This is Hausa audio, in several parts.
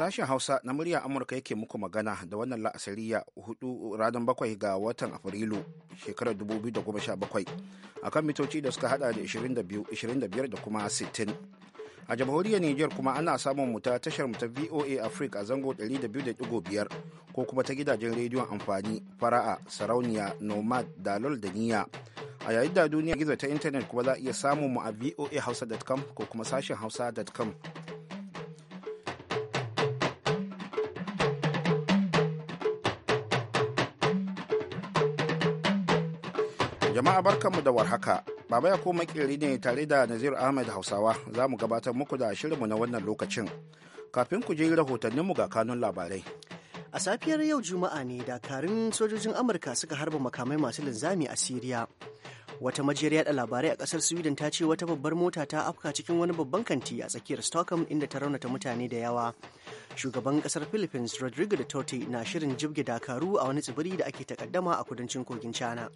Sashen Hausa na murya Amurka yake muku magana da wannan la'asariya hudu ranar bakwai ga watan Afrilu shekarar 2017 kan mitoci da suka hada da 25 da kuma 60. A jamhuriyar Nijar kuma ana samun mu ta tashar mu ta VOA Africa a zango 200.5 ko kuma ta gidajen rediyon amfani fara'a sarauniya nomad dalol da niya. A yayin da duniya gizo ta intanet kuma za a iya samun mu a voahausa.com ko kuma sashen hausa.com. Jama'a barkanmu da warhaka. Baba ya koma ne tare da Nazir Ahmed Hausawa za mu gabatar muku da shirinmu na wannan lokacin. Kafin ku je rahotanninmu ga kanun labarai. A safiyar yau Juma'a ne dakarun sojojin Amurka suka harba makamai masu linzami a Siriya. wata majiyar yada labarai a kasar sweden ta ce wata babbar mota ta afka cikin wani babban kanti a tsakiyar stockholm inda ta raunata mutane da yawa shugaban kasar philippines rodrigo duterte na shirin jibge dakaru a wani tsibiri da ake takaddama a kudancin kogin china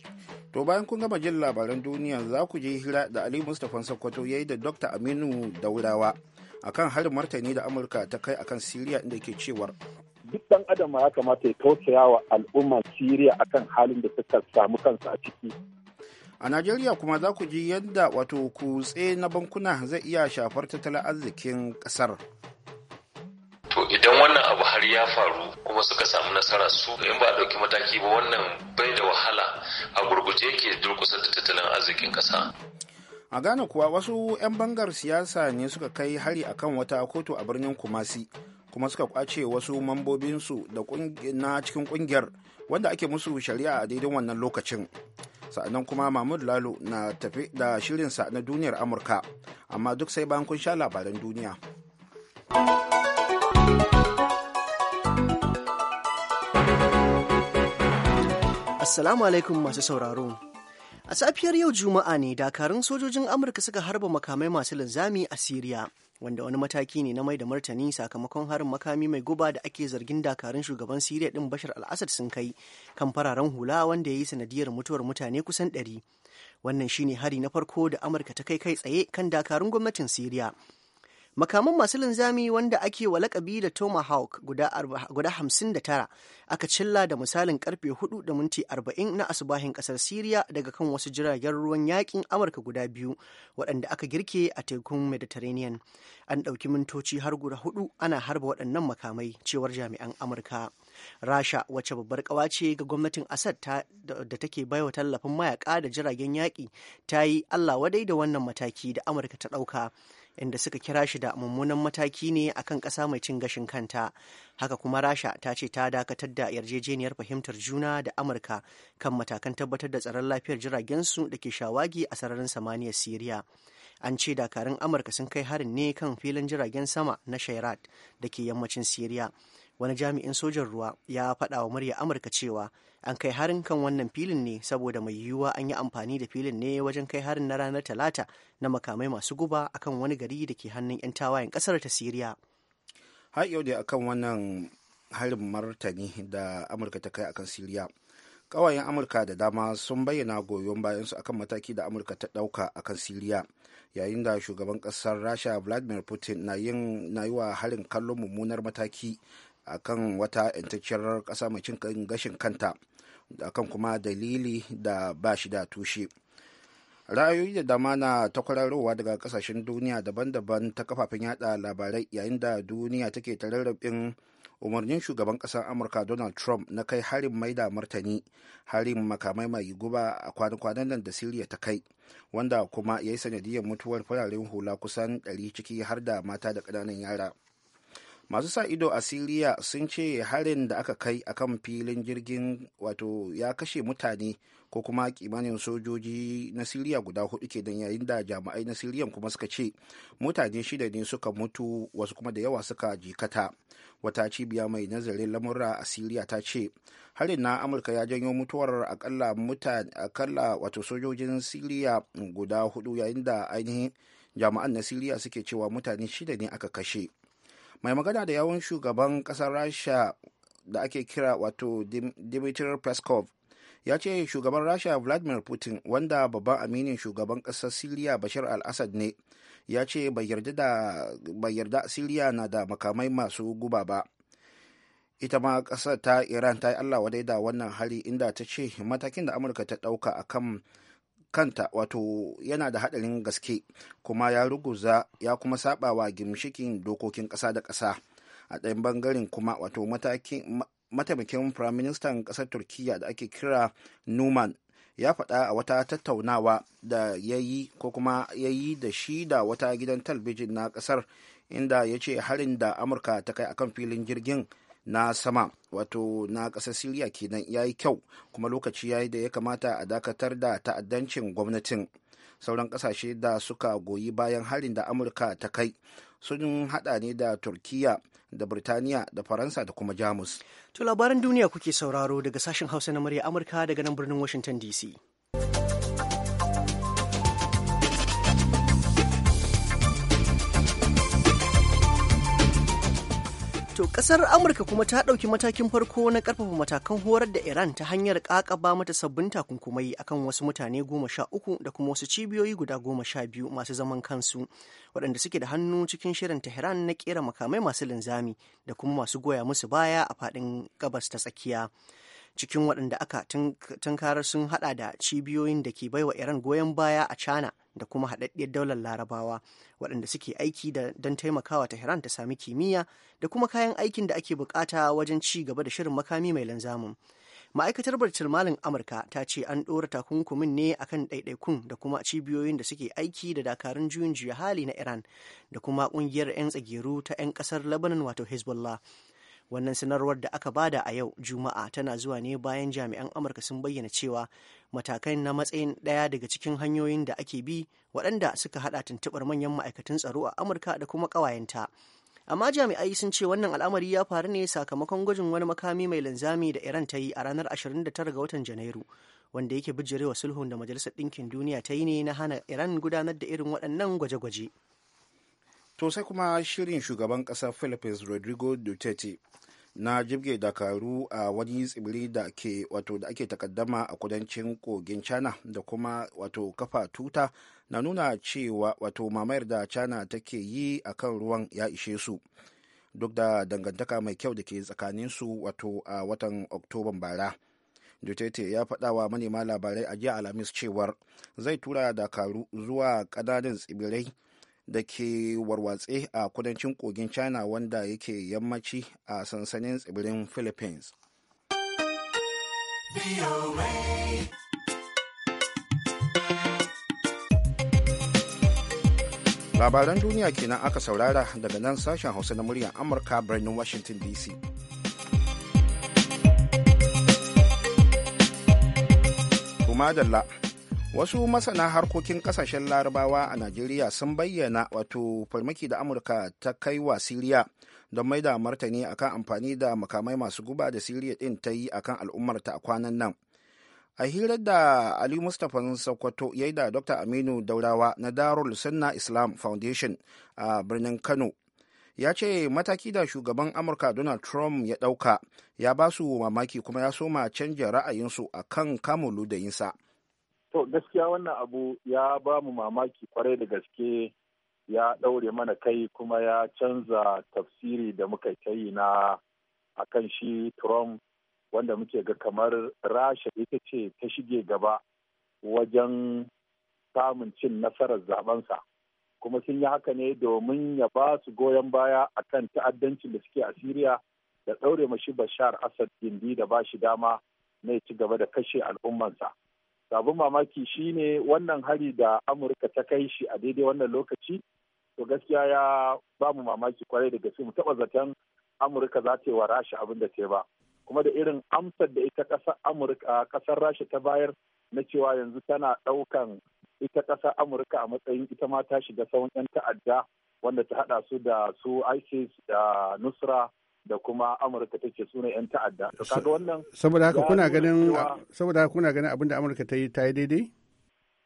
to bayan kun gama jin labaran duniya za ku je hira da ali mustapha sokoto ya yi da dr aminu daurawa akan harin martani da amurka ta kai akan syria inda ke cewar duk dan adam ya kamata ya tausaya wa al'ummar siriya akan halin da suka samu kansu a ciki a najeriya kuma za ku ji yadda wato kutse na bankuna zai iya shafar tattalin arzikin kasar. to idan wannan abu har ya faru kuma suka samu nasara su in ba ɗauki mataki ba wannan bai da wahala a gurguje ke durkusa da tattalin arzikin ƙasa a ghana kuwa wasu 'yan bangar siyasa ne suka kai hari akan wata kotu a birnin kumasi kuma suka kwace wasu mambobinsu na cikin kungiyar wanda ake musu shari'a a daidai wannan lokacin sa'annan kuma mahmud lalo na tafi da shirinsa na duniyar amurka amma duk sai bayan kun sha labaran duniya assalamu alaikum masu sauraro A safiyar yau Juma'a ne dakarun sojojin Amurka suka harba makamai masu linzami a Siriya, wanda wani mataki ne na mai da martani sakamakon harin makami mai guba da ake zargin dakarun shugaban Siriya din Bashar al-Assad sun kai kan fararen hula wanda ya yi sanadiyar mutuwar mutane kusan ɗari. Wannan shine hari na farko da Amurka ta kai kai tsaye kan dakarun gwamnatin Siriya. makaman masu linzami wanda ake wa lakabi da tomahawk guda 59 aka cilla da misalin karfe 4 da minti 40 na asubahin kasar siriya daga kan wasu jiragen ruwan yakin amurka guda biyu waɗanda aka girke a tekun mediterranean an ɗauki mintoci har guda hudu ana harba waɗannan makamai cewar jami'an amurka rasha wacce babbar kawa ce ga gwamnatin asad da take baiwa tallafin mayaka da jiragen yaƙi ta yi allah wadai da wannan mataki da amurka ta ɗauka inda suka kira shi da mummunan mataki ne akan ƙasa mai cin gashin kanta haka kuma rasha ta ce ta dakatar da yarjejeniyar fahimtar juna da amurka kan matakan tabbatar da tsaron lafiyar jiragensu da ke shawagi a sararin samaniyar siriya an ce dakarun amurka sun kai harin ne kan filin jiragen sama na shairat da ke yammacin siriya wani jami'in sojan ruwa ya faɗa wa murya amurka cewa an kai harin kan wannan filin ne saboda mai yiwuwa an yi amfani da filin ne wajen kai harin na ranar talata na makamai masu guba akan wani gari da ke hannun 'yan tawayen kasar ta siriya har yau dai akan wannan harin martani da amurka ta kai akan siriya ƙawayen amurka da dama sun bayyana goyon bayansu akan mataki da amurka ta ɗauka akan siriya yayin da shugaban ƙasar rasha vladimir putin na yi wa harin kallon mummunar mataki a kan wata 'yantacciyar ƙasa mai cin gashin kanta kan kuma dalili da ba shi da tushe ra'ayoyi da dama na takwararowa daga kasashen duniya daban-daban ta kafafen yada labarai yayin da duniya take ta tararrabin umarnin shugaban ƙasar amurka donald trump na kai harin maida martani harin makamai mai guba a kwanan nan da siriya ta kai wanda kuma ya yi sanadiyar mutuwar fararen hula kusan 100 ciki har da mata da ƙananan yara masu sa ido a siriya sun ce harin da aka kai akan filin jirgin wato ya kashe mutane ko kuma kimanin sojoji na siriya guda hudu ke dan yayin da jami'ai na siriyan kuma suka ce mutane shida ne suka mutu wasu kuma da yawa suka jikata wata cibiya mai nazarin lamurra a siriya ta ce harin na amurka ya janyo mutuwar akalla mutane akalla wato sojojin siriya guda hudu yayin da ainihin jami'an na siriya suke cewa mutane shida ne aka kashe mai magana da yawon shugaban kasar rasha da ake kira wato dimitri peskov ya ce shugaban rasha vladimir putin wanda babban aminin shugaban kasar siriya bashar al-assad ne ya ce bai yarda siriya na da makamai masu guba ba ita ma kasar ta iran ta yi allah wadai da wannan hali inda ta ce matakin da amurka ta dauka akan kan kanta wato yana da hadarin gaske kuma ya ruguza ya kuma saba wa gimshikin dokokin kasa da kasa a ɗayan bangaren kuma wato mataimakin firaministan ƙasar turkiyya da ake kira numan ya faɗa a wata tattaunawa da ya yi ko kuma ya yi da shi da wata gidan talbijin na ƙasar inda ya ce harin da amurka ta kai akan filin jirgin na sama wato na ƙasar siriya kenan ya yi kyau kuma lokaci ya yi da ya kamata a dakatar da ta'addancin gwamnatin sauran ƙasashe da suka goyi bayan harin da amurka ta kai sun hada ne da turkiya da birtaniya da faransa da kuma jamus to labaran duniya kuke sauraro daga sashen hausa na murya amurka daga nan birnin washington dc To kasar Amurka kuma ta ɗauki matakin farko na ƙarfafa matakan horar da Iran ta hanyar ƙaƙaba mata sabbin takunkumai akan wasu mutane goma sha uku da kuma wasu cibiyoyi guda goma sha biyu masu zaman kansu waɗanda suke da hannu cikin shirin Tehran na ƙera makamai masu linzami da kuma masu goya musu baya a faɗin gabas ta tsakiya. cikin waɗanda aka tunkarar sun hada da cibiyoyin da ke baiwa iran goyon baya a china da kuma haɗaɗɗiyar daular larabawa waɗanda suke aiki da don taimakawa tehran ta sami kimiyya da kuma kayan aikin da ake bukata wajen ci gaba da shirin makami mai lanzamin ma'aikatar barcin malin amurka ta ce an ɗora takunkumin ne akan ɗaiɗaikun da kuma cibiyoyin da suke aiki da dakarun juyin juya hali na iran da kuma ƙungiyar 'yan tsageru ta 'yan ƙasar lebanon wato hezbollah wannan sanarwar da aka bada a yau juma'a tana zuwa ne bayan jami'an amurka sun bayyana cewa matakai na matsayin ɗaya daga cikin hanyoyin da ake bi waɗanda suka haɗa tuntuɓar manyan ma'aikatan tsaro a amurka da kuma ƙawayenta amma jami'ai sun ce wannan al'amari ya faru ne sakamakon gwajin wani makami mai linzami da iran ta yi a ranar 29 ga watan janairu wanda yake bijirewa sulhun da majalisar ɗinkin duniya ta yi ne na hana iran gudanar da irin waɗannan gwaje-gwaje to sai kuma shirin shugaban ƙasar philippines rodrigo duterte na jibge dakaru a wani tsibiri da ke wato da ake takaddama a kudancin kogin china da kuma wato kafa tuta na nuna cewa wato mamayar da china take yi a kan ruwan ya ishe su duk da dangantaka mai kyau da ke tsakaninsu wato a watan oktoban bara duterte ya faɗa wa manema labarai a jiya alhamis cewar zai tura dakaru zuwa ƙananan tsibirai da ke warwatse a kudancin kogin china wanda yake yammaci a sansanin tsibirin philippines labaran duniya kenan aka saurara daga nan sashen hausa na muryar amurka birnin washington dc kuma dalla wasu masana harkokin kasashen larabawa a najeriya sun bayyana wato farmaki da amurka ta kai wa siriya don maida martani akan amfani da makamai masu guba da siriya din ta yi akan al'ummarta a kwanan nan a hirar da ali mustapha sokoto ya yi da dr aminu daurawa na darul sunna islam foundation a birnin kano ya ce mataki da shugaban amurka donald trump ya ɗauka ya ba su mamaki kuma ya soma canja ra'ayinsu a kan kamun ludayinsa To gaskiya wannan abu ya ba mu mamaki kwarai da gaske ya ɗaure mana kai kuma ya canza tafsiri da muka yi na akan shi Trump wanda muke ga kamar Rasha ita ce ta shige gaba wajen samun cin nasarar zabensa. Kuma sun yi haka ne domin ya ba su goyon baya akan ta'addancin da suke a Siriya da ɗaure mashi Bashar Assad gindi da ba shi dama na ci gaba da kashe al'ummansa. abin mamaki shine wannan hari da amurka ta kai shi a daidai wannan lokaci to gaskiya ya ba mu mamaki kwarai da gaske mu taba zaton amurka za ta yi wa rasha abin da ta ba kuma da irin amsar da ita kasar amurka kasar rasha ta bayar na cewa yanzu tana ɗaukan ita kasar amurka a matsayin ita ma ta shiga sauran yan ta'adda wanda ta haɗa su da su isis da nusra da kuma amurka ta suna yan ta'adda saboda haka kuna ganin saboda abin amurka ta yi ta yi daidai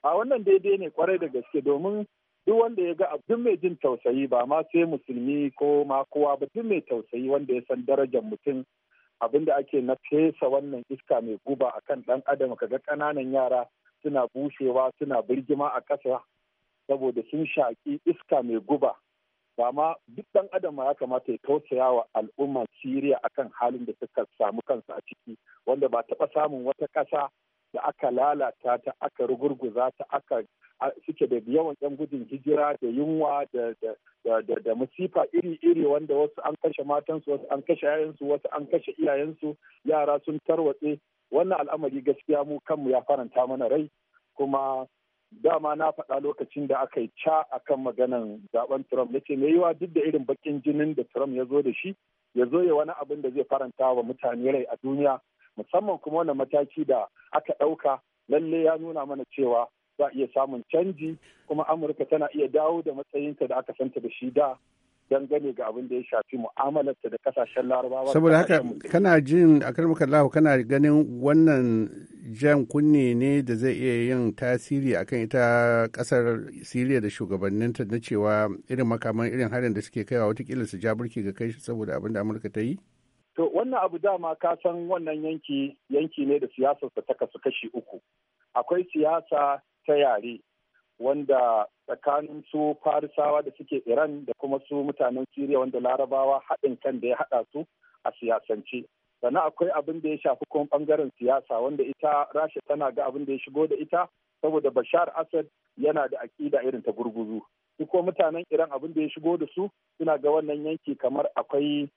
a wannan daidai ne kwarai da gaske domin duk wanda ya ga abin mai jin tausayi ba ma sai musulmi ko ma kowa ba duk mai tausayi wanda ya san darajar mutum abin da ake na fesa wannan iska mai guba akan dan adam kaga kananan yara suna bushewa suna birgima a ƙasa saboda sun shaƙi iska mai guba ba ma duk ɗan adam ya kamata ya tausaya wa al'umma Siriya akan halin da suka samu kansu a ciki wanda ba taɓa samun wata ƙasa da aka lalata ta aka rugurguza ta aka suke da yawan yan gudun hijira da yunwa da musifa iri-iri wanda wasu an kashe matansu wasu an kashe yayansu wasu an kashe iyayensu yara sun tarwatse wannan al'amari gaskiya mu kanmu ya faranta mana rai kuma dama na faɗa lokacin da aka yi ca a kan maganan zaben Trump ya ce mai yiwa duk da irin bakin jinin da Trump ya zo da shi ya zo ya wani abin da zai faranta wa mutane rai a duniya musamman kuma wani mataki da aka ɗauka lalle ya nuna mana cewa za a iya samun canji kuma Amurka tana iya dawo da matsayinta da aka santa da shi da dangane ga abin da ya shafi mu'amalarta da kasashen larabawa saboda haka kana jin a karmakallahu kana ganin wannan jan kunne ne da zai iya yin tasiri akan ita kasar siriya da shugabanninta na cewa irin makaman irin harin da suke kaiwa watakila su ja burki ga kai saboda abin da amurka ta yi to wannan abu dama ka san wannan yanki yanki ne da siyasarsa ta kasu kashi uku akwai siyasa ta yare wanda tsakanin su farisawa da suke iran da kuma su mutanen siriya wanda larabawa haɗin kan da ya haɗa su a siyasance sannan akwai abin da ya shafi kuma ɓangaren siyasa wanda ita rasha tana ga abin da ya shigo da ita saboda bashar asad yana da aƙida irin ta gurguzu ko mutanen iran abin da ya shigo da su suna ga wannan yanki kamar akwai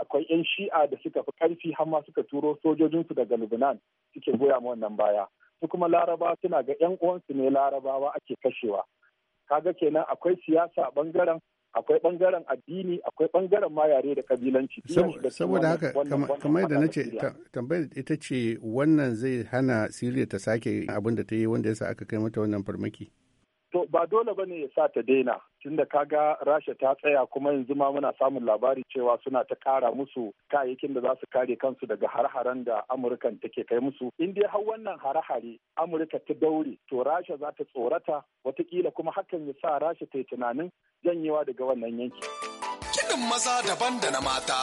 akwai 'yan shi'a da suka fi karfi har ma suka turo sojojinsu daga lubnan suke goya ma wannan baya. su kuma laraba suna ga yan uwansu ne larabawa ake kashewa kaga kenan akwai siyasa a bangaren akwai bangaren addini akwai bangaren ma da kabilanci saboda haka kamar da nace tambayar ita ce wannan zai hana siriya ta sake abin da ta yi wanda yasa aka kai mata wannan farmaki to ba dole ba ne ya sa ta daina tunda kaga rasha ta tsaya kuma yanzu ma muna samun labari cewa suna ta kara musu kayayyakin da za su kare kansu daga har-haren da amurkan take kai musu in dai har wannan har hare amurka ta daure to rasha za ta tsorata watakila kuma hakan ya sa rasha ta yi tunanin janyewa daga wannan yanki kiɗin maza daban da na mata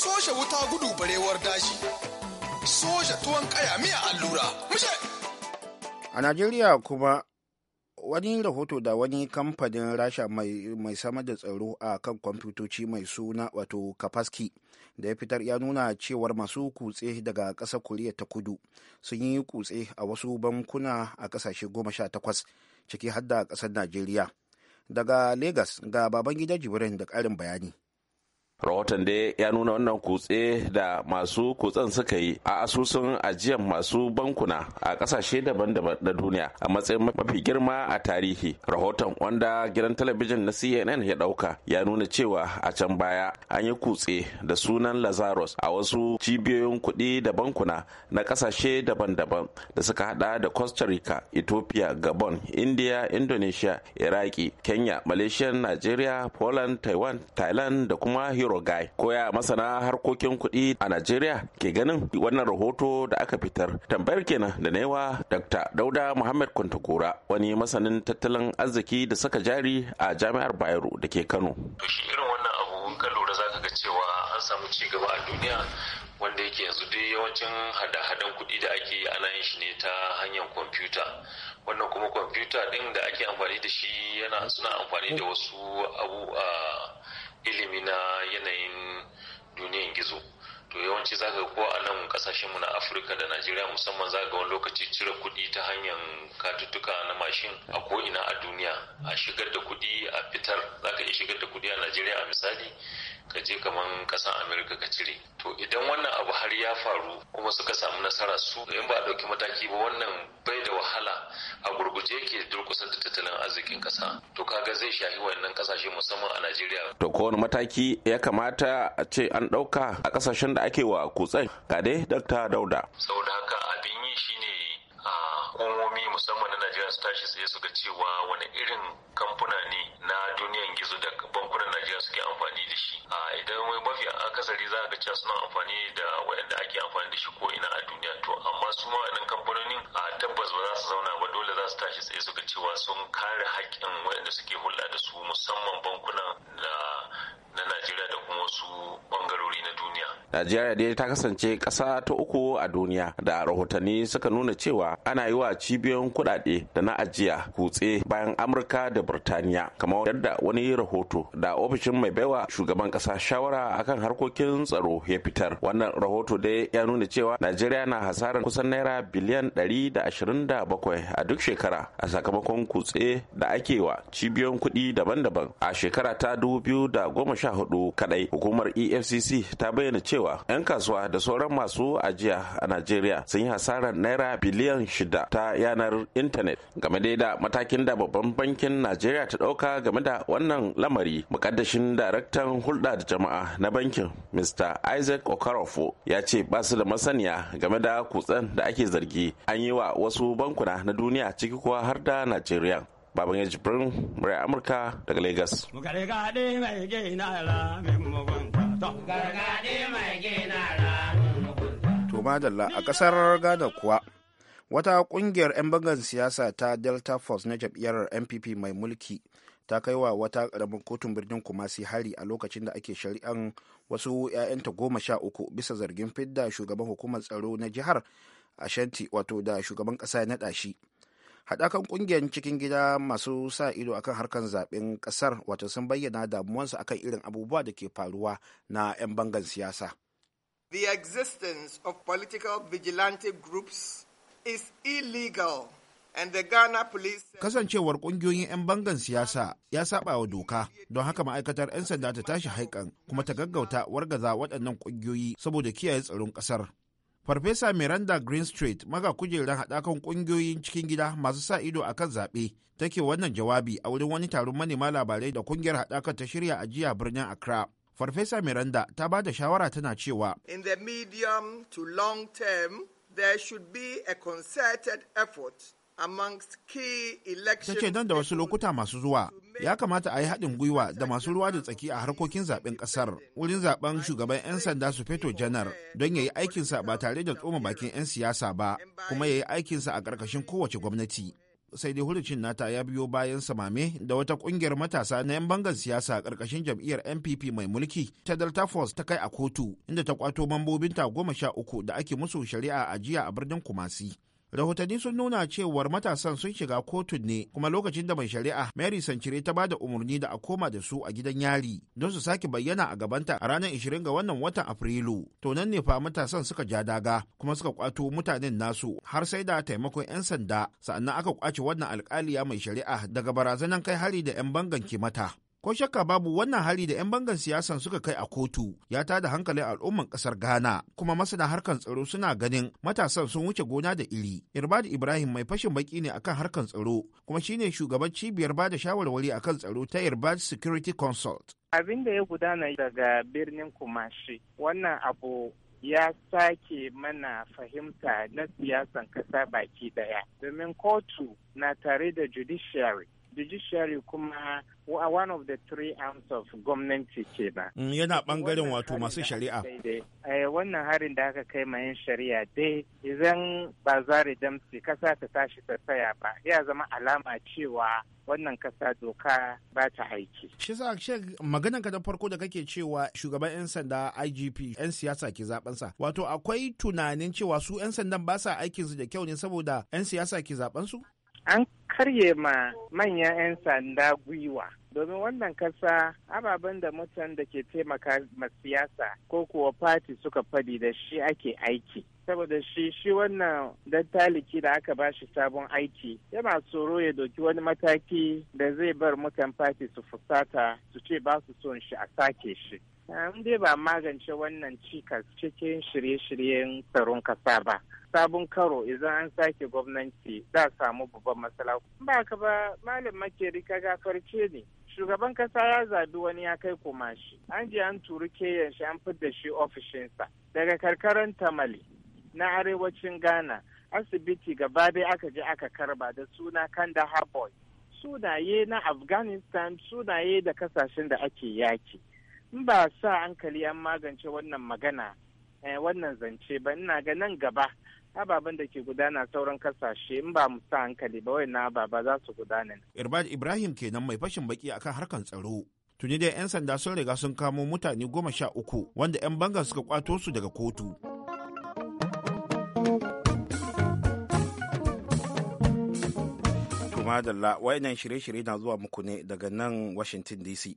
soja wuta gudu barewar dashi. soja tuwon kaya miya allura Mishe! a najeriya kuma wani rahoto da wani kamfanin rasha mai, sama da tsaro a kan kwamfutoci mai suna wato kapaski da ya fitar ya nuna cewar masu kutse daga ƙasar koriya ta kudu sun yi kutse a wasu bankuna a ƙasashe goma sha takwas ciki har da ƙasar najeriya daga Legas ga baban gida jibrin da ƙarin bayani rahoton da ya nuna wannan kutse da masu kutsen suka yi a asusun ajiyar masu bankuna a kasashe daban-daban na duniya a matsayin mafi girma a tarihi rahoton wanda gidan talabijin na cnn ya dauka ya nuna cewa a can baya an yi kutse da sunan lazarus a wasu cibiyoyin kuɗi da bankuna na kasashe daban-daban da suka hada da costa rica ethiopia gabon india indonesia iraki kenya malaysia nigeria poland taiwan thailand da kuma europe Rogai koya masana harkokin kuɗi a Najeriya ke ganin wannan rahoto da aka fitar tambayar kenan da naiwa Dr. Dauda Muhammad Kuntukura wani masanin tattalin arziki da saka jari a Jami'ar Bayero da ke Kano. To shi irin wannan abu in ka lura zaka ga cewa an samu ci gaba a duniya wanda yake yanzu dai yawancin hada-hadan kuɗi da ake yi ana yin shi ne ta hanyar kwamfuta wannan kuma kwamfuta ɗin da ake amfani da shi yana suna amfani da wasu abu a ah, ilimi na yanayin duniyan gizo to yawanci zaka ko a nan kasashen mu na Afirka da Najeriya musamman zaka wani lokaci cire kuɗi ta hanyar katuttuka na mashin a ko'ina a duniya a shigar da kuɗi a fitar za ka iya shigar da kuɗi a najeriya a misali ka je kaman kasan amerika ka cire to idan wannan abu har ya faru kuma suka samu nasara su in ba a ɗauki mataki ba wannan bai da wahala a gurguje ke durkusa da tattalin arzikin kasa to kaga zai shahi wannan kasashe musamman a najeriya to ko wani mataki ya kamata a ce an ɗauka a kasashen da ake wa kutsen ga dai dakta dauda saboda haka abin yi shine a hukumomi musamman na najeriya su tashi tsaye su ga cewa wani irin kamfuna ne na duniyan gizo da bankunan najeriya suke amfani da shi a idan mafi akasari za a ga cewa suna amfani da waɗanda ake amfani da shi ko ina a duniya to amma su ma waɗannan kamfanonin a tabbas ba za su zauna ba dole za su tashi tsaye su ga cewa sun kare haƙƙin waɗanda suke hulɗa da su musamman bankuna na najeriya da wasu bangarori na duniya. Najeriya dai ta kasance ƙasa ta uku a duniya da rahotanni suka nuna cewa ana yi wa cibiyoyin kuɗaɗe da na ajiya kutse bayan Amurka da Birtaniya kamar yadda wani rahoto da ofishin mai baiwa shugaban ƙasa shawara akan harkokin tsaro ya fitar. Wannan rahoto dai ya nuna cewa Najeriya na hasarar kusan naira biliyan da da ashirin ɗari bakwai a duk shekara a sakamakon kutse da ake wa cibiyoyin kuɗi daban-daban a shekara ta dubu biyu da goma sha hudu kadai. hukumar efcc ta bayyana cewa 'yan kasuwa da sauran masu ajiya a najeriya sun yi hasarar naira biliyan shida ta yanar intanet game da matakin da babban bankin najeriya ta dauka game da wannan lamari mukaddashin daraktan hulɗa da jama'a na bankin mr isaac okarofo ya ce ba su da masaniya game da kutsen da ake zargi an yi wa wasu bankuna na duniya ciki kuwa har da najeriya baban ya jibrin murai amurka daga lagos to madalla a kasar gada kuwa wata kungiyar 'yan bangan siyasa ta delta force na jam'iyyar npp mai mulki ta kai wa wata karamin kotun birnin kumasi hari a lokacin da ake shari'an wasu 'ya'yanta goma sha uku bisa zargin fidda shugaban hukumar tsaro na jihar ashanti wato da shugaban ƙasa ya naɗa shi haɗakan ƙungiyar cikin gida masu sa ido akan harkar zaɓen ƙasar wato sun bayyana damuwansu akan irin abubuwa da ke faruwa na 'yan bangan siyasa. The existence of political vigilante groups is illegal and the Ghana police... Kasancewar ƙungiyoyin 'yan bangan siyasa ya saɓa wa doka, don haka ma'aikatar 'yan sanda ta tashi haikan kuma ta gaggauta wargaza waɗannan ƙungiyoyi saboda kiyaye tsaron ƙasar. Farfesa Miranda Greenstreet maga kujerar haɗakan ƙungiyoyin cikin gida masu sa ido a kan zaɓe take wannan jawabi a wurin wani taron manema labarai da ƙungiyar haɗakan ta shirya a jiya birnin Accra. Farfesa Miranda ta ba da shawara tana cewa. In the medium to long term, there should be a concerted effort Ta ce don da wasu lokuta masu zuwa ya kamata a yi haɗin gwiwa da masu ruwa da tsaki a harkokin zaɓen ƙasar wurin zaɓen shugaban 'yan sanda su feto janar don ya yi aikinsa ba tare da tsoma bakin 'yan siyasa ba kuma ya yi aikinsa a ƙarƙashin kowace gwamnati. sai dai hurucin nata ya biyo bayan samame da wata ƙungiyar matasa na 'yan bangan siyasa ƙarƙashin jam'iyyar npp mai mulki ta delta force ta kai a kotu inda ta kwato mambobinta goma sha uku da ake musu shari'a a jiya a birnin kumasi rahotanni sun nuna cewar matasan sun shiga kotun ne kuma lokacin da mai shari'a mary sancire ta bada umarni da a koma da su a gidan yari don su sake bayyana a gabanta a ranar 20 ga wannan watan afrilu to nan ne fa matasan suka ja daga kuma suka kwato mutanen nasu har sai da taimakon 'yan sanda sa'annan aka kwace wannan alkaliya mai shari'a daga barazanan kai hari da 'yan bangan kimata. Ko shakka babu wannan hali da 'yan bangan siyasan suka kai a kotu ya ta da hankalin al'umman kasar Ghana kuma masana harkar tsaro suna ganin matasan sun wuce gona da iri. Irbad Ibrahim mai fashin baki ne akan harkar tsaro kuma shine shugaban cibiyar bada shawarwari akan tsaro ta Irbad Security Consult. Abin da ya gudana daga birnin Kumashi wannan abu ya sake mana fahimta na siyasan kasa baki daya domin kotu na tare da judiciary judiciary kuma one of the three arms of gwamnati ba. Mm, yana bangaren wato masu shari'a. Eh, wannan harin da aka kai ma yan shari'a dai idan ba zare damsi kasa ta tashi ta saya ba ya zama alama cewa wannan kasa doka ba ta aiki. Shi sa maganan ka da farko da kake cewa shugaban 'yan sanda IGP 'yan siyasa ke sa. Wato akwai tunanin cewa su 'yan sandan ba sa aikinsu da kyau ne saboda 'yan siyasa ke zaben su? an karye ma manyan 'yan sanda gwiwa domin wannan kasa ababen da mutan da ke taimaka ma siyasa ko kuwa fati suka fadi da shi ake aiki saboda shi shi wannan dattaliki da aka ba shi sabon aiki yana tsoro ya doki wani mataki da zai bar mutan fati su fusata su ce ba su son shi a sake shi dai ba magance wannan cikas cikin shirye-shiryen tsaron kasa ba sabon karo idan an sake gwamnati da samu babban matsala ba ka ba malam makeri ka gafarce ne shugaban kasa ya zabi wani ya kai kuma shi an je an turu keyan shi an fidda shi ofishinsa daga karkaran tamale na arewacin ghana asibiti gaba dai aka je aka karba da suna kanda boy sunaye na afghanistan sunaye da kasashen da ake yaki in ba sa hankali an magance wannan magana eh, wannan zance ba ina ga nan gaba ababen da ke gudana sauran kasashe in ba mu sa hankali ba na ba za su gudana. Irbad Ibrahim kenan mai fashin baki akan harkar tsaro. Tuni dai 'yan sanda sun riga sun kamo mutane goma sha uku wanda 'yan banga suka kwato su daga kotu. Madalla wayannan shirye-shirye na zuwa muku ne daga nan Washington DC.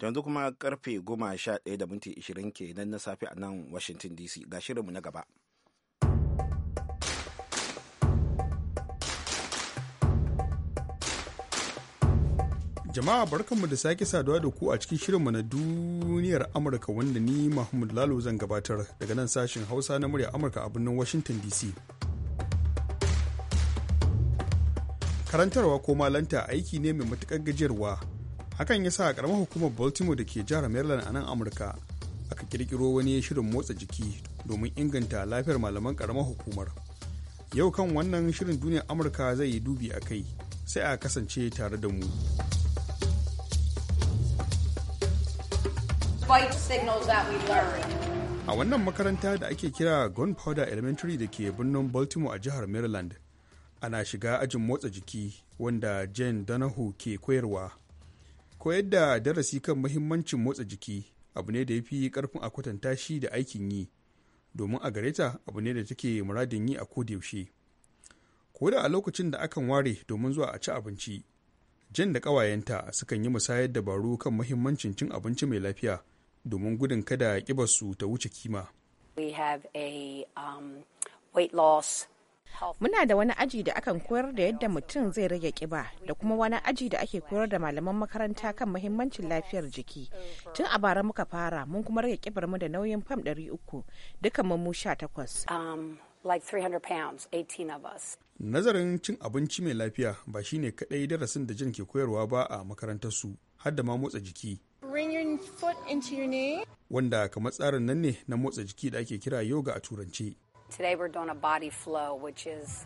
yanzu kuma karfe goma sha ɗaya da minti ke kenan na safe a nan Washington DC ga shirinmu na gaba. Jama'a barkanmu da sake saduwa da ku a cikin shirinmu na duniyar Amurka wanda ni Mahmud Lalo zan gabatar daga nan sashin Hausa na murya Amurka a birnin Washington DC. Karantarwa ko malanta aiki ne mai matuƙar gajiyarwa. Hakan ya sa a ƙaramar hukumar Baltimore da ke jihar Maryland a nan Amurka aka ƙirƙiro wani shirin motsa jiki domin inganta lafiyar malaman ƙaramar hukumar. Yau kan wannan shirin duniyar Amurka zai yi dubi a kai sai a kasance tare da mu. fight signals that we learned. A wannan makaranta da ake kira Gunpowder Elementary da ke birnin Baltimore a jihar Maryland, ana shiga ajin motsa jiki wanda Jane Donahue ke koyarwa. Koyar da darasi kan mahimmancin motsa jiki abu ne da ya fi karfin a kwatanta shi da aikin yi, domin a gareta abu ne da take muradin yi a kodayaushe. Ko da a lokacin da akan ware domin zuwa a ci abinci, Jane da ƙawayenta sukan yi musayar dabaru kan mahimmancin cin abinci mai lafiya. domin gudun kada su ta wuce kima. Um, Muna da wani aji da akan koyar da yadda mutum zai rage kiba da kuma wani aji da ake koyar da malaman makaranta kan mahimmancin lafiyar jiki. Tun a bara muka fara mun kuma rage kibar mu da nauyin fam 300 dukan mu 18. Um, Nazarin cin abinci mai lafiya ba shine kadai darasin da jin ke koyarwa ba a makarantarsu, har da ma motsa jiki. Bring your foot into your knee. Wanda kamar tsarin nan ne na motsa jiki da ake kira yoga a turance. Today we're doing a body flow which is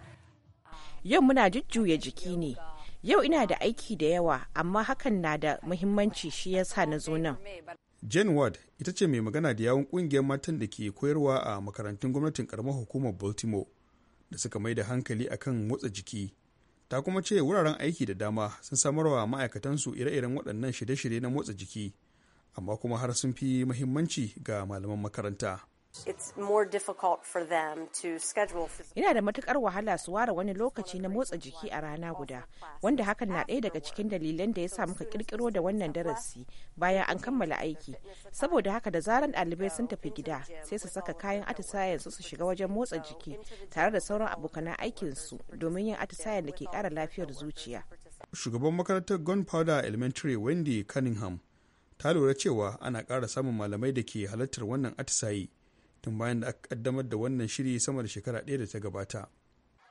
um, Yau muna jujjuya jiki ne. Yau ina da aiki da yawa amma hakan na da muhimmanci shi yasa na zo nan. Jane Ward ita ce mai magana da yawun kungiyar matan da ke koyarwa a makarantun gwamnatin karamar hukumar Baltimore da suka mai da hankali akan motsa jiki ta kuma ce wuraren aiki da dama sun samarwa ma'aikatansu ire-iren waɗannan shirye-shirye na motsa jiki amma kuma har sun fi muhimmanci ga malaman makaranta. Yana da matukar wahala su ware wani lokaci na motsa jiki a rana guda, wanda hakan na ɗaya daga cikin dalilan da ya sa muka kirkiro da wannan darasi bayan an kammala aiki. Saboda haka da zaran ɗalibai sun tafi gida sai su saka kayan atisayen su su shiga wajen motsa jiki tare da sauran abokanan aikinsu domin yin atisayen da ke ƙara lafiyar zuciya. Shugaban makarantar Gunpowder Elementary Wendy Cunningham ta lura cewa ana ƙara samun malamai da ke halartar wannan atisayi tun bayan da aka kaddamar da wannan shiri sama da shekara ɗaya da ta gabata.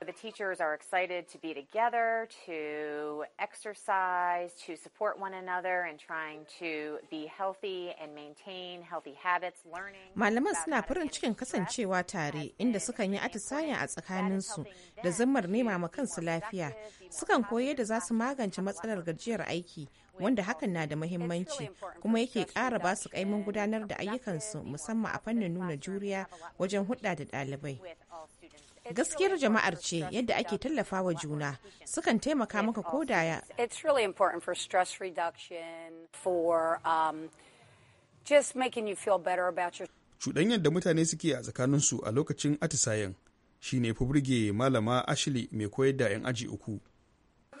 The teachers are excited to be together, to exercise, to support one another and trying to be healthy and maintain healthy habits, learning. Malaman suna farin cikin kasancewa tare inda sukan yi atisaya a tsakaninsu da zammar nema ma kansu lafiya. Sukan koyi da za su magance matsalar gajiyar aiki wanda hakan na da mahimmanci kuma yake kara ba su kaimin gudanar da ayyukansu musamman a fannin nuna juriya wajen hudda da ɗalibai. gaskiyar jama'ar ce yadda ake tallafawa juna sukan taimaka maka ko da um, cuɗanyar da mutane suke a tsakaninsu a lokacin atisayen shine fi malama ashili mai koyar da 'yan aji uku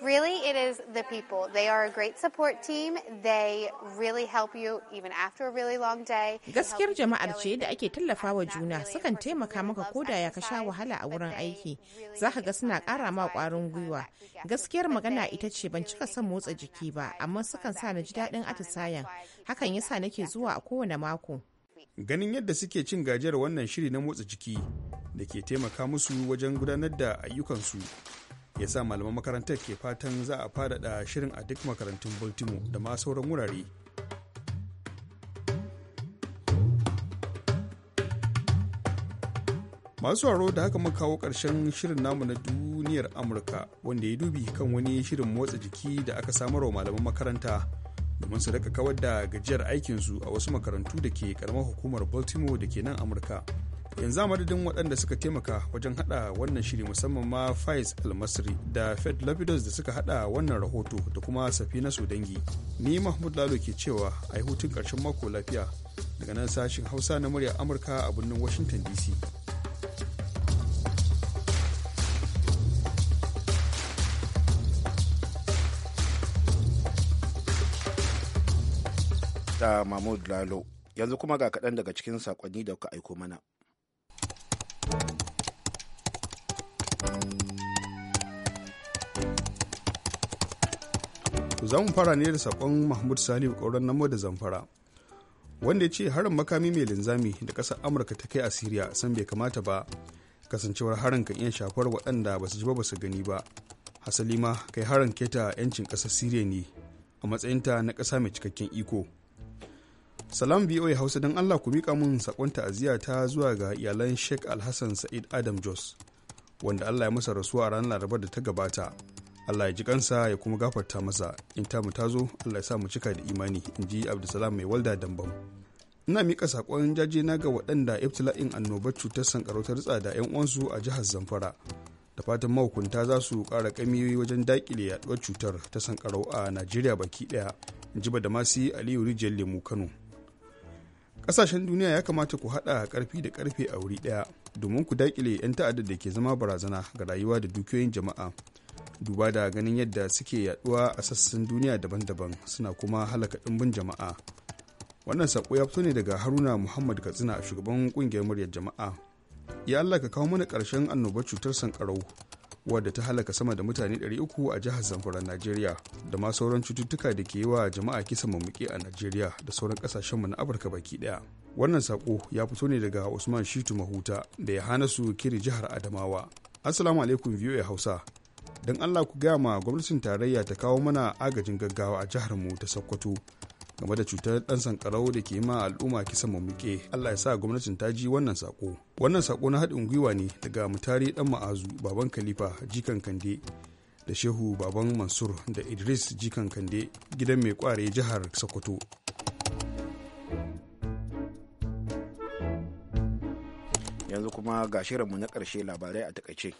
Really, it is the people. They are a great support team. They really help you even after a really long day. Gaskiyar jama'ar ce da ake tallafawa juna sukan taimaka maka koda ya ka sha wahala a wurin aiki. Za ka ga suna ƙara ma ƙwarin gwiwa. Gaskiyar magana ita ce ban cika son motsa jiki ba, amma sukan sa na ji daɗin atisayen. Hakan yasa nake zuwa a kowane mako. Ganin yadda suke cin gajiyar wannan shiri na motsa jiki da ke taimaka musu wajen gudanar da ayyukansu. ya sa malaman makarantar ke fatan za a fadada shirin a duk makarantun baltimore da ma sauran wurare masu haro da haka muka kawo ƙarshen shirin namu na duniyar amurka wanda ya dubi kan wani shirin motsa jiki da aka samar wa malaman makaranta domin su daga kawar da gajiyar aikinsu a wasu makarantu da ke karamar hukumar baltimore da ke nan amurka yanzu a madadin waɗanda suka taimaka wajen hada wannan shiri musamman ma faiz almasri da fed lapidus da suka hada wannan rahoto da kuma safina na dangi ni mahmud lalo ke cewa a yi hutun ƙarshen mako lafiya daga nan sashin hausa na murya amurka a birnin washington dc da mahmud lalo yanzu kuma ga kaɗan daga cikin saƙonni da kuka aiko mana za mu fara ne da sakon mahmud salihu ƙauren namo da zamfara wanda ya ce harin makami mai linzami da ƙasar amurka ta kai a siriya san bai kamata ba kasancewar harin kan iya shafar waɗanda ba su ji ba ba su gani ba hasali ma kai harin keta 'yancin ƙasar siriya ne a matsayinta na ƙasa mai cikakken iko salam voa hausa don allah ku miƙa mun sakon ta'aziyya ta zuwa ga iyalan sheikh alhassan sa'id adam jos wanda allah ya masa rasuwa a ranar laraba da ta gabata allah ya ji kansa ya kuma gafarta masa in ta mu tazo allah ya sa mu cika da imani in ji abdulsalam mai walda dambam ina mika sakon jaje na ga waɗanda iftila'in annobar cutar sankarau ta ritsa da 'yan uwansu a jihar zamfara da fatan mahukunta za su ƙara ƙamiyoyi wajen daƙile yaɗuwar cutar ta sankarau a najeriya baki ɗaya in ji masi aliyu rijiyar lemu kano kasashen duniya ya kamata ku haɗa karfi da karfe a wuri ɗaya domin ku daƙile 'yan ta'addar da ke zama barazana ga rayuwa da dukiyoyin jama'a duba da ganin yadda suke yaduwa a sassan duniya daban-daban suna kuma halaka ɗimbin jama'a wannan saƙo ya fito ne daga haruna muhammad katsina a shugaban ƙungiyar muryar jama'a ya allah ka kawo mana ƙarshen annobar cutar sankarau wadda ta halaka sama da mutane 300 a jihar zamfara najeriya da ma sauran cututtuka da ke yi wa jama'a kisa mamuki a najeriya da sauran kasashenmu na afirka baki daya wannan sako ya fito ne daga usman shitu mahuta da ya hana su kiri jihar adamawa assalamu alaikum ya hausa don allah ku gaya ma gwamnatin tarayya ta kawo mana agajin gaggawa a jihar mu ta sokoto game da cutar ɗan sankarau da ke ma al'umma kisan mamuke allah ya sa gwamnatin ta ji wannan sako wannan sako na haɗin gwiwa ne daga mutari ɗan ma'azu baban khalifa jikan kande da shehu baban mansur da idris jikan kande gidan mai kware jihar sokoto yanzu kuma ga shirinmu na ƙarshe labarai a takaice.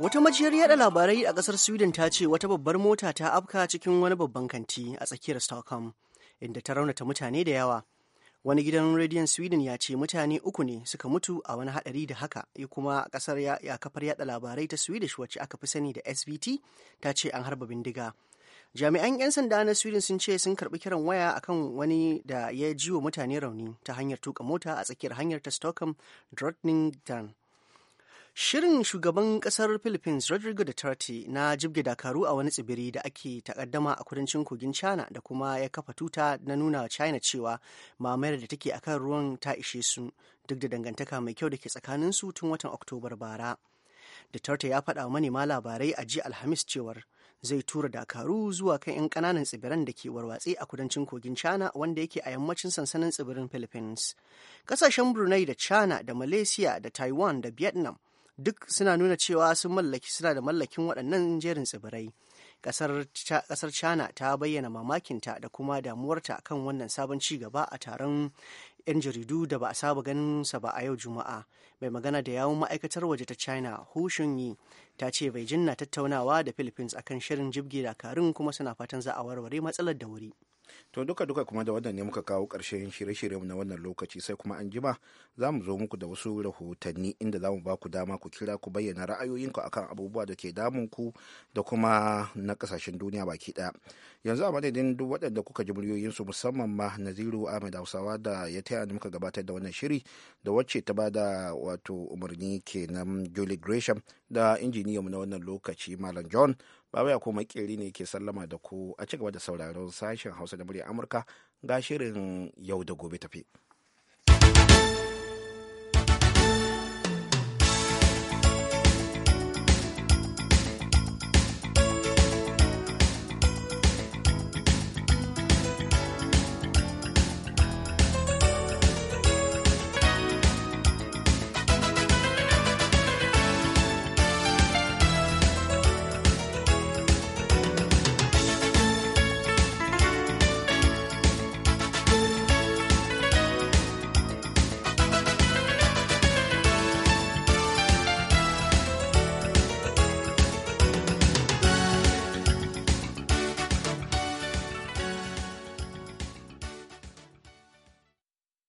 Wata majiyar yada labarai a kasar Sweden ta ce wata babbar mota ta afka cikin wani babban kanti a tsakiyar Stockholm, inda ta raunata mutane da yawa. Wani gidan rediyon Sweden ya ce mutane uku ne suka mutu a wani haɗari da haka, ya kuma kasar ya kafar yada labarai ta Swedish wacce aka fi sani da sbt ta ce an harba bindiga. jami'an 'yan sanda na sweden sun ce sun karbi kiran waya akan wani da ya ji wa mutane rauni ta hanyar tuka mota a tsakiyar hanyar ta stockholm drottningdan Shirin shugaban kasar Philippines Rodrigo Duterte na jibge dakaru a wani tsibiri da ake takaddama a kudancin kogin China da kuma ya kafa tuta na nuna wa China cewa mamayar da take akan ruwan ta ishe su duk da dangantaka mai kyau da ke tsakanin su tun watan Oktobar bara. Duterte ya faɗa manema labarai a jiya Alhamis cewar zai tura dakaru zuwa kan 'yan kananan tsibiran da ke warwatse a kudancin kogin china wanda yake a yammacin sansanin tsibirin philippines kasashen brunei da china da malaysia da taiwan da vietnam duk suna nuna cewa sun mallaki suna da mallakin waɗannan jerin tsibirai ƙasar china ta bayyana mamakinta da kuma damuwarta kan wannan sabon ci gaba a taron 'yan jaridu da ba a saba ganin sa ba a yau juma'a mai magana da yawun ma'aikatar waje ta china hu shunyi ta ce beijing na tattaunawa da philippines akan shirin jibge dakarun kuma suna fatan za a warware matsalar da wuri To duka-duka kuma da wannan ne muka kawo ƙarshen shirye-shiryen na wannan lokaci sai kuma an jima za mu zo muku da wasu rahotanni inda za mu ba ku dama ku kira ku bayyana ra'ayoyinku akan abubuwa da ke damun ku da kuma na kasashen duniya baki ɗaya. Yanzu a madadin duk waɗanda kuka ji muryoyinsu musamman ma Naziru Ahmed Hausawa da ya taya ni muka gabatar da wannan shiri da wacce ta bada wato umarni kenan Julie Gresham da injiniyanmu na wannan lokaci Malam John Baba ya kuma makeri ne ke sallama da ku a cigaba da sauraron sashen Hausa da murya Amurka ga shirin yau da gobe tafi.